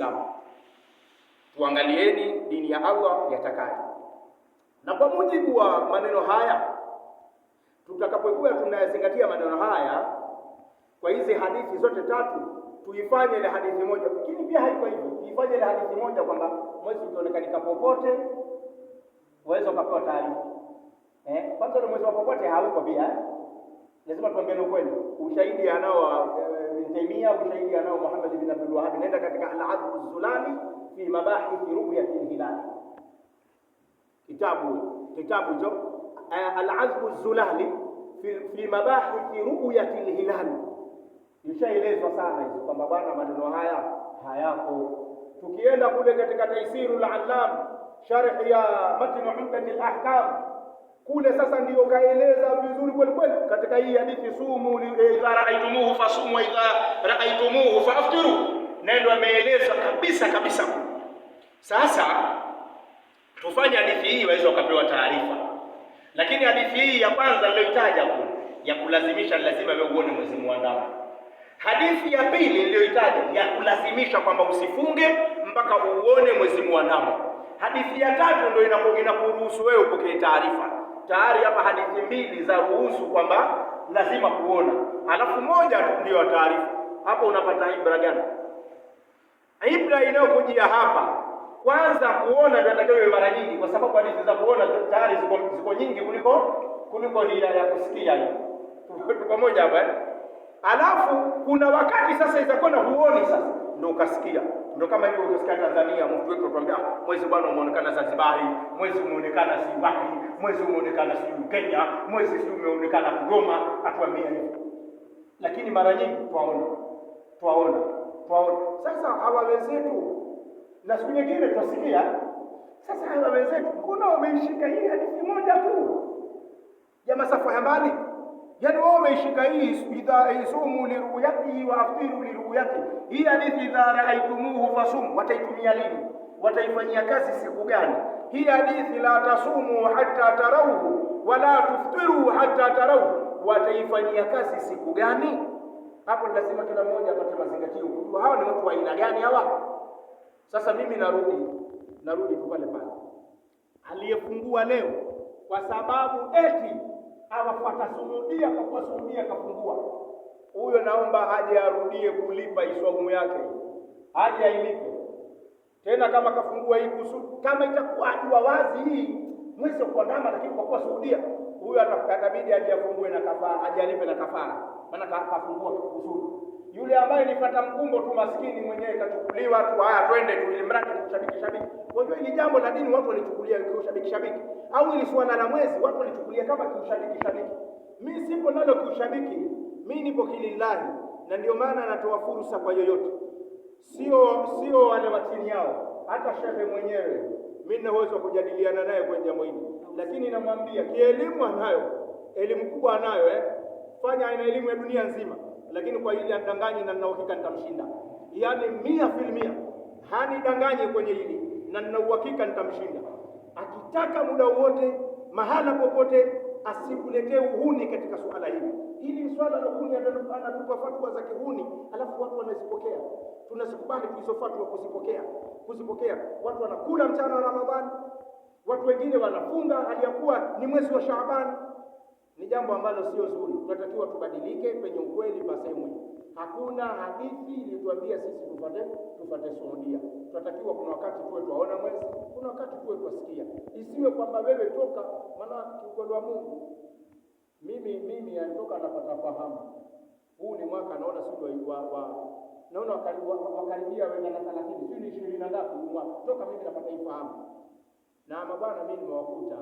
Uislamu. Tuangalieni dini ya Allah yatakaje. Na kwa mujibu wa maneno haya, tutakapokuwa tunayazingatia maneno haya kwa hizi hadithi zote tatu, tuifanye ile hadithi moja, lakini pia haiko hivyo, tuifanye ile hadithi moja kwamba mwezi ukionekanika popote waweza ukapewa taarifa. Eh, kwanza mwezi wa popote hauko pia, eh. lazima tuambiane ukweli, ushahidi anao eh, yangu shahidi anao Muhammad bin Abdul Wahhab, nenda katika al-Adl Zulali fi mabahith ru'yat al-hilal, kitabu kitabu hicho eh, al-Adl Zulali fi mabahith ru'yat al-hilal. Nishaelezwa sana hizo kwamba bwana, maneno haya hayako. Tukienda kule katika Taisiru al-Allam sharh ya matn Umdat al-Ahkam kule sasa ndio kaeleza vizuri kweli kweli katika hii hadithi sumu eh, kama raaitumuhu fasumu wa idha raaitumuhu faftiru, naye ndo ameeleza kabisa kabisa. Sasa tufanye hadithi hii waweze wakapewa taarifa, lakini hadithi hii ya kwanza niliyoitaja ku ya kulazimisha lazima wewe uone mwezi muandamo. Hadithi ya pili niliyoitaja ya kulazimisha kwamba usifunge mpaka uone mwezi muandamo. Hadithi ya tatu ndio inakuruhusu wewe upokee taarifa tayari. Hapa hadithi mbili za ruhusu kwamba lazima kuona, alafu moja tu ndio taarifa. Hapo unapata ibra gani? Ibra inayokujia hapa kwanza kuona ndio mara nyingi, kwa sababu hadithi za kuona tayari ziko ziko nyingi kuliko kuliko hii ya kusikia. Hiyo tuko pamoja hapa eh? alafu kuna wakati sasa itakuwa na huoni sasa, ndio ukasikia ndio kama hivyo ukasikia Tanzania mtu wetu atakwambia mwezi bwana umeonekana Zanzibar, mwezi umeonekana si wapi, mwezi umeonekana si Kenya, mwezi si umeonekana Kigoma, atuambia hivyo. Lakini mara nyingi twaona twaona twaona. Sasa hawa wenzetu na siku nyingine tutasikia sasa, hawa wenzetu kuna wameishika hii hadithi moja tu ya masafa ya mbali Yaani wewe umeishika hii idha isumu liruyati wa aftiru liruyati. Hii hadithi idha raaitumuhu fasumu wataitumia lini? Wataifanyia kazi siku gani? Hii hadithi la tasumu hatta tarauhu wala tuftiru hatta tarauhu wataifanyia kazi siku gani? Hapo ni lazima kila mmoja apate mazingatio. Kujua hawa ni watu wa aina gani hawa? Sasa mimi narudi narudi tu pale pale. Aliyefungua leo kwa sababu eti alafu atasumudia kwa kuwasumudia akafungua. Huyo naomba aje arudie kulipa iswamu yake, aje ailipe tena kama kafungua hii kusu, kama itakuwa ajua wazi hii mwezi wa kuandama, lakini kwa kuwa huyo atakabidi aje afungue na kafara, aje alipe na kafara, maana kafungua kusudi. Yule ambaye nipata mkungo tu, maskini mwenyewe kachukuliwa tu, haya twende tu, ili mradi tushabiki shabiki Unajua hili jambo la dini watu walichukulia kiushabiki shabiki, au ili swala la mwezi watu walichukulia kama kiushabiki shabiki. Mimi sipo nalo kiushabiki, mimi nipo kilillahi, na ndio maana natoa fursa kwa yoyote, sio sio wale wa chini yao, hata shehe mwenyewe mimi naweza kujadiliana naye kwenye jambo hili, lakini namwambia kielimu, anayo elimu kubwa, anayo eh, fanya aina elimu ya dunia nzima, lakini kwa hili adanganyi, na nina uhakika nitamshinda, yaani mia fil mia, kwenye hili na nina uhakika nitamshinda. Akitaka muda wote, mahala popote, asikuletee uhuni katika suala hili. Hili swala la uhuni, anatupa fatwa za kihuni, alafu watu wanazipokea. Tunazikubali hizo fatwa, kuzipokea kuzipokea. Watu wanakula mchana wa Ramadhani, watu wengine wanafunga hali ya kuwa ni mwezi wa Shaaban. Ni jambo ambalo sio zuri, tunatakiwa tubadilike penye ukweli pasemwe. Hakuna hadithi iliyotuambia sisi tupate tupate suhudia. Tunatakiwa kuna wakati tuwe twaona mwezi, kuna wakati tuwe twasikia, isiwe kwamba wewe toka. Maana kiukweli wa Mungu mimi mimi anatoka anapata fahamu, huu ni mwaka naona si wa, wa naona wakaribia wenda na thelathini, si ni ishirini na ngapi huu mwaka toka mimi napata ifahamu na mabwana, mimi nimewakuta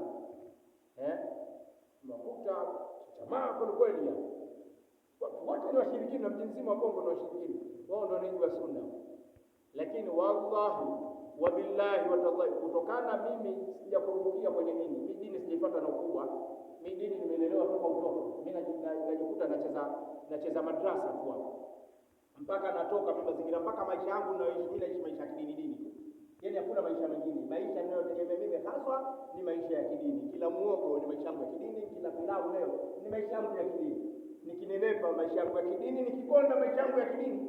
eh, nimewakuta chamaa kweli kweli wote ni washirikina na mji mzima wa Bongo ni washirikina, wao ndio wenyeji wa sunna. Lakini wallahi wa billahi watallahi, kutokana mimi sijakurubukia kwenye dini, mi dini sijaipata na ukubwa, mi dini nimelelewa toka utoto, mi najikuta nacheza nacheza madrasa tu hapo mpaka natoka mimi mazingira mpaka maisha yangu ninayoishi mimi naishi maisha ya kidini dini. Yaani hakuna maisha mengine. Maisha ninayotegemea mimi haswa ni maisha ya kidini. Kila muogo ni maisha yangu ya kidini, kila pilau leo ni maisha yangu ya kidini nikinenepa maisha yangu ya kidini, nikikonda maisha yangu ya kidini